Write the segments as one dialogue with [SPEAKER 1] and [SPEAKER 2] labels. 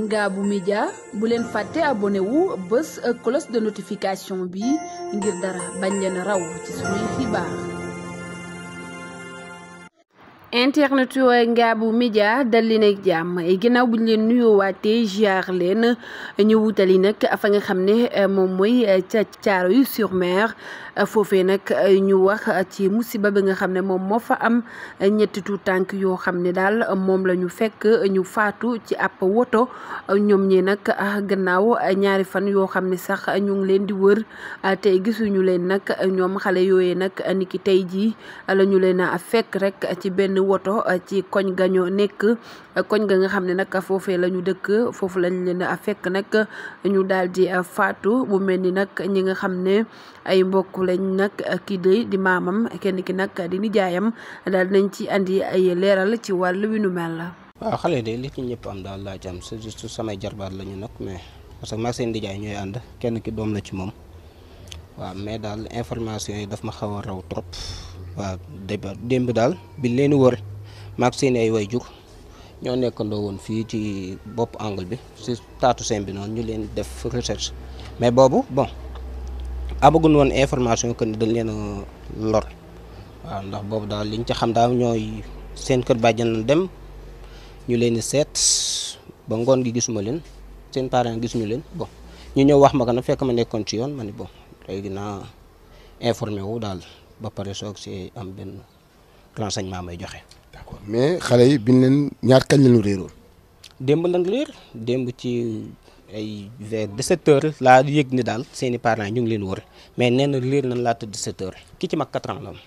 [SPEAKER 1] Ngabou Média bu leen fàtte abonné wu bés cloche de notification bi ngir dara bañ leen raw ci suñuy xibaar internet yooyu Ngabou Média dal leen ak jàmm ginnaaw bu ñu leen nuyoo nuyoowaatee ziar leen ñu wutali nag fa nga xam ne euh, moom mooy euh, ca Thiaroye sur Mer foofee nag euh, ñu wax ci musiba bi nga xam ne moom moo fa am ñettitu tànk yoo xam ne daal moom la ñu fekk ñu faatu ci ab woto ñoom ñi nag ah, gannaaw ñaari fan yoo xam ne sax ñu ngi leen di wër te gisuñu leen nag ñoom xale yooyee nag niki tey jii la leen a fekk rek ci benn. woto eh, ci koñ gaño nekk eh, koñ ga nga xam ne nag foofee lañu dëkk foofu lañ leen a fekk nag ñu daal di eh, faatu bu mel ni nag ñi nga xam ne ay mbokk lañ nag kii dey di maamam kenn ki nag di nijaayam daal nañ ci indi ay leeral ci wàll wi nu mel la. waaw
[SPEAKER 2] xale de li ci ñëpp am daal laa am c'est juste samay jarbaat la ñu mais parce que maa seen nijaay ñooy ànd kenn ki doom la ci moom. waaw mais daal information yi daf ma xaw a raw trop waaw démb daal bi leen wër maag seen ay way jug ñoo nekkandoo woon fii ci bopp angle bi si taatu seen bi noonu ñu leen def recherche mais boobu bon amagun woon information que ni dañ leen lor waaw ndax boobu daal liñ ci xam daal ñooy seen kër bàjjan dem ñu leen di seet ba ngoon gi gisuma leen seen parent gisuñu leen bon ñu ñëw wax ma ko fekk ma nekkoon ci yoon ma bon léegi naa informé wu daal ba pare soog si am benn sañ renseignement may joxe. mais xale yi biñ leen ñaar kañ lañu réeroon. démb lañ réer démb ci ay vers 17 heures laa yëg ni daal seeni parents ñu ngi leen wër mais nee na réer nañ laata 17 heures ki ci mag 4 ans la am.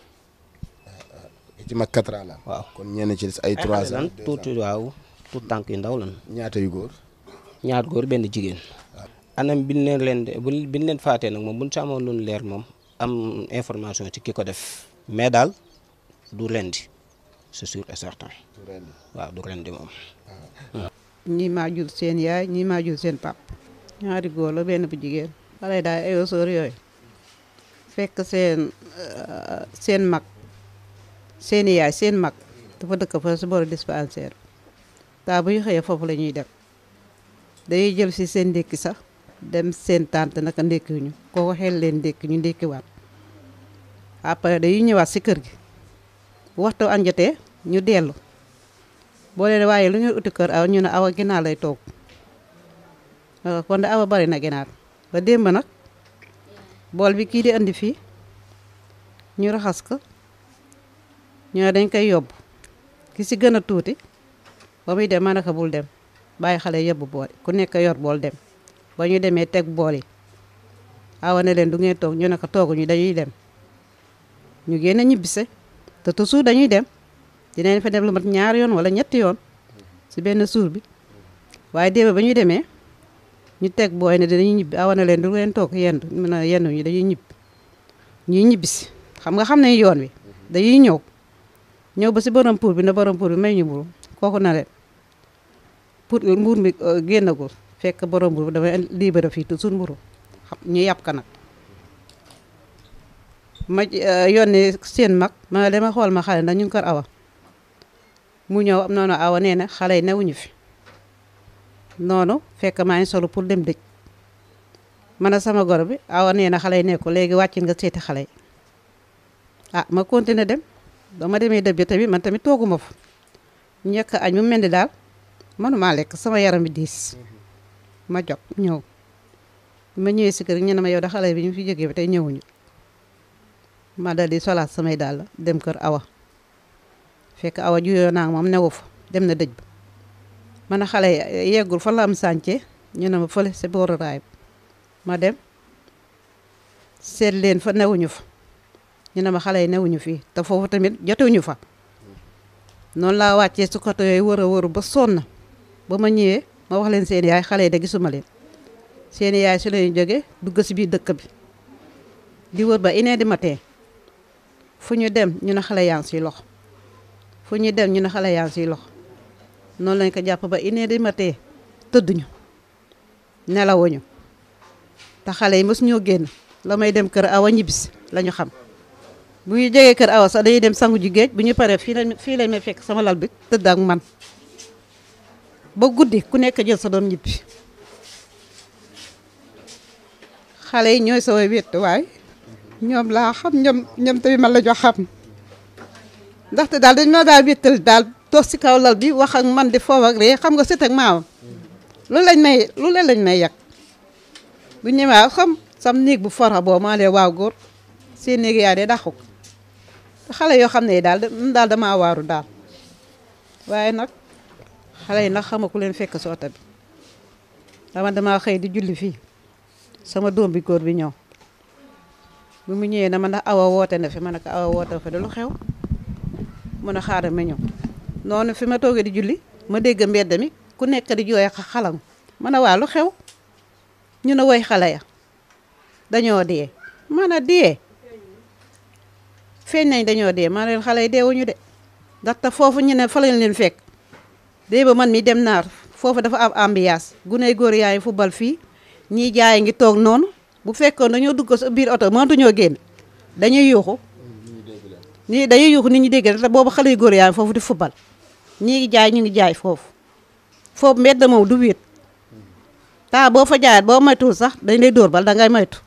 [SPEAKER 2] ci mag 4 ans la waaw kon ñenn ci des ay trois ans. tout tuuti waaw tuut tànk yu ndaw lan ñaata yu góor. ñaar góor benn jigéen. anam biñ leen leen biñ leen faatee nag moom buñ si amoon nu leer moom am information ci ki ko def mais daal du rendi c'est sûr et certain. waaw du rendi moom. Ah.
[SPEAKER 3] ñii maa jur seen yaay ñii maa jur seen pap ñaari góor la benn bu jigéen. xale daal ay sóor fekk seen ah, seen mag seen yaay seen mag dafa dëkk fa si boru dispensaire taa bu ñu xëyee foofu la ñuy dem dañuy jël si seen ndékki sax. dem seen tante naka ndékkiwuñu koo xel leen ndékki ñu ndékkiwaat après dañuy ñëwaat si kër gi bu waxtu añ jotee ñu dellu boole leen waaye lu ñu uti kër aw ñu ne awa ginaar lay toog kon aw a bari na ginaar ba démb nag bool bi kii di andi fii ñu raxas ko ñoo dañ koy yóbbu ki si gën a tuuti ba muy dem ma naka bul dem bàyyi xale yóbbu bool ku nekk yor bool dem ba ñu demee teg bool yi awa ne leen du ngeen toog ñu ne ko tooguñu dañuy dem ñu génn ñibbise te toujours dañuy dem dinañ fa def lumat mat ñaari yoon wala ñetti yoon si benn suur bi waaye démb ba ñuy demee ñu teg booy ne dinañu ñibbi awa na leen du ngeen toog yendu mën a yendu ñu dañuy ñibbi ñuy ñibbisi xam nga xam nañ yoon wi dañuy ñëw ñëw ba si borom pour bi na borom pour bi may ñu mburu kooku na leen pour mbuur mi euh, génnagul fekk borom mburu dama libéré fii toujours mburu buru ñu yàpp ka nag ma euh, yónni seen mag ma dama xool ma xale ndax ñu ngi kër awa mu ñëw noonu awa nee na xale yi newuñu fi noonu fekk maa ngi solo pour dem dëj ma ne sama goro bi awa nee na xale yi nekku léegi wàcc nga seeti xale yi ah ma continuer dem ba ma demee dëj bi tamit man tamit tooguma fa ñekk añ mu mel ni daal mënumaa lekk sama yaram bi diis ma jog ñëw ma ñëwee si kër ma yow da xale bi ñu fi jógee ba tey ñëwuñu ma dal di solaat samay dàll dem kër awa fekk awa juyoo naa moom newu fa dem na dëj ba ma ne xale yi yeggul fa la am sànce ñu ne ma fële si booru ma dem seet leen fa newuñu fa ñu ne ma xale yi newuñu fii te foofu tamit jotuñu fa noonu laa wàccee su côté yooyu wër a wëru ba sonn ba ma ñëwee ma wax len seen yaay xalé de gisuma len seen yaay su lañu joggé dugg ci biir dëkk bi di wër ba iné di maté fuñu dem ñu na xalé yaan ci lox fuñu dem ñu na xalé yaan ci lox non lañ ko japp ba iné di maté tëdduñu nelawuñu ta xalé yi mësu ñu genn la may dem kër awa ñibis la xam bu ñu jégué kër awa sa dañuy dem sangu ju geej bu ñu paré fi lañ fii lañ fekk sama lal bi tedd ak man ba guddi ku nekk jël sa doom ñibbi xale yi ñooy sama wéetuwaay ñoom laa xam ñoom ñoom tamit man la jox xam ndaxte daal dañ ma daal wéttal daal toog si kaw lal bi wax ak man di foofu ak ree xam nga sët ak maamam lu lañ may lu leen lañ may yàq bu ñëwaa xam sam néeg bu fora boo maa lee waaw góor seen néeg yaa dee dàqu xale yoo xam ne daal daal damaa waaru daal waaye nag xale yi nag xama ku leen fekk si oto bi dama dama xëy di julli fii sama doom bi góor bi ñëw bi mu ñëwee na ma ndax awa woote na fi ma ne awa woote fa da lu xew mun a xaaral ma ñëw noonu fi ma toogee di julli ma dégg mbedd mi ku nekk di jooy xalam ma ne waa lu xew ñu ne woy xale ya dañoo dee ma ne dee feeñ nañ dañoo dee ma ne leen xale yi deewuñu de ndaxte foofu ñu ne fa lañ leen fekk déeba man mii dem naar foofu dafa am ambiance guney góor yaa ngi football fii ñii jaay ngi toog noonu bu fekkoon dañoo dugg sa biir oto mënatuñoo génn dañuy yuuxu nii dañuy yuuxu nit ñu dégg te boobu xale yu góor yaa foofu di football ñii ngi jaay ñu ngi jaay foofu foofu mbedd moom du wéet taa boo fa jaayaat boo moytuwul sax dañ lay dóor bal dangay ngay moytu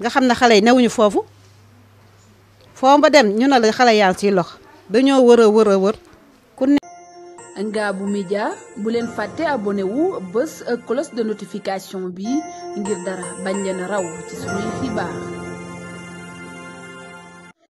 [SPEAKER 3] nga xam ne xale yi newuñu foofu foo ba dem ñu ne la xale yaa ngi lox dañoo wër a wër a wër
[SPEAKER 1] Ngabou Média bu leen fàtte abonewu wu bés cloche de notification bi ngir dara bañ leen raw ci suñuy xibaar